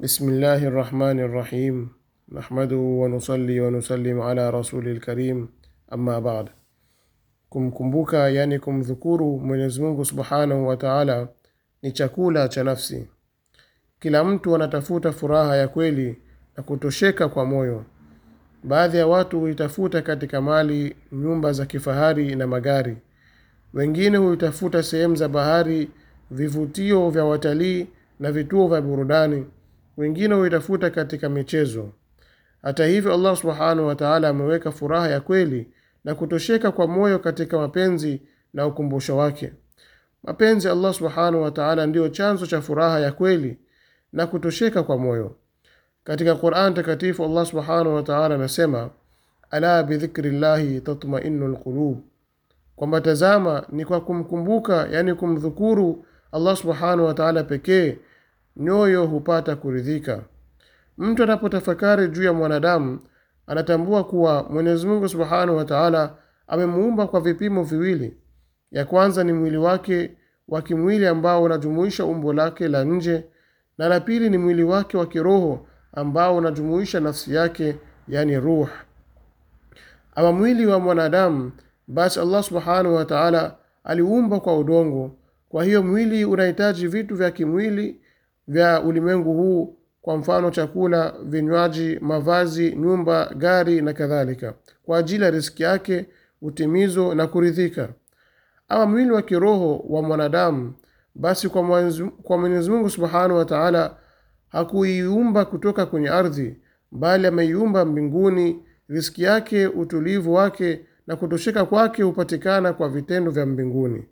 بسم الله الرحمن الرحيم نحمده ونصلي ونسلم على rasuli lkarim amma ba'd kumkumbuka yani kumdhukuru mwenyezi mungu subhanahu wa taala ni chakula cha nafsi kila mtu anatafuta furaha ya kweli na kutosheka kwa moyo baadhi ya watu huitafuta katika mali nyumba za kifahari na magari wengine huitafuta sehemu za bahari vivutio vya watalii na vituo vya burudani wengine huitafuta katika michezo. Hata hivyo, Allah subhanahu wataala ameweka furaha ya kweli na kutosheka kwa moyo katika mapenzi na ukumbusho wake. Mapenzi Allah subhanahu wataala ndiyo chanzo cha furaha ya kweli na kutosheka kwa moyo. Katika Quran takatifu Allah subhanahu wataala anasema ala bidhikri llahi tatmainu lqulub, kwamba tazama, ni kwa kumkumbuka, yani kumdhukuru Allah subhanahu wataala pekee nyoyo hupata kuridhika. Mtu anapotafakari juu ya mwanadamu anatambua kuwa Mwenyezi Mungu subhanahu wa taala amemuumba kwa vipimo viwili. Ya kwanza ni mwili wake wa kimwili ambao unajumuisha umbo lake la nje, na la pili ni mwili wake wa kiroho ambao unajumuisha nafsi yake, yani ruh. Ama mwili wa mwanadamu, basi Allah subhanahu wa taala aliumba kwa udongo. Kwa hiyo mwili unahitaji vitu vya kimwili vya ulimwengu huu, kwa mfano chakula, vinywaji, mavazi, nyumba, gari na kadhalika, kwa ajili ya riziki yake, utimizo na kuridhika. Ama mwili wa kiroho wa mwanadamu, basi kwa Mwenyezi Mungu subhanahu wa taala hakuiumba kutoka kwenye ardhi, bali ameiumba mbinguni. Riziki yake, utulivu wake na kutosheka kwake hupatikana kwa vitendo vya mbinguni.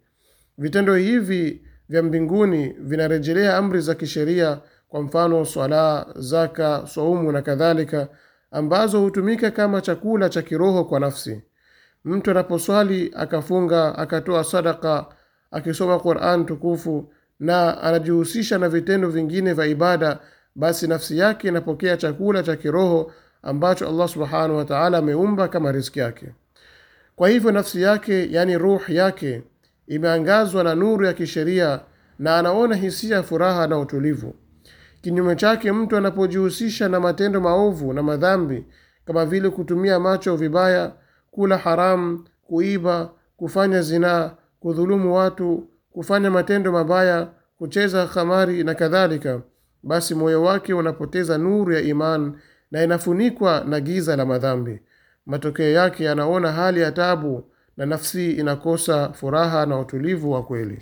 Vitendo hivi vya mbinguni vinarejelea amri za kisheria kwa mfano swala zaka saumu na kadhalika ambazo hutumika kama chakula cha kiroho kwa nafsi mtu anaposwali akafunga akatoa sadaka akisoma quran tukufu na anajihusisha na vitendo vingine vya ibada basi nafsi yake inapokea chakula cha kiroho ambacho allah subhanahu wataala ameumba kama riski yake kwa hivyo nafsi yake yani ruh yake imeangazwa na nuru ya kisheria na anaona hisia ya furaha na utulivu. Kinyume chake, mtu anapojihusisha na matendo maovu na madhambi kama vile kutumia macho vibaya, kula haramu, kuiba, kufanya zinaa, kudhulumu watu, kufanya matendo mabaya, kucheza khamari na kadhalika, basi moyo wake unapoteza nuru ya imani na inafunikwa na giza la madhambi. Matokeo yake anaona hali ya tabu na nafsi inakosa furaha na utulivu wa kweli.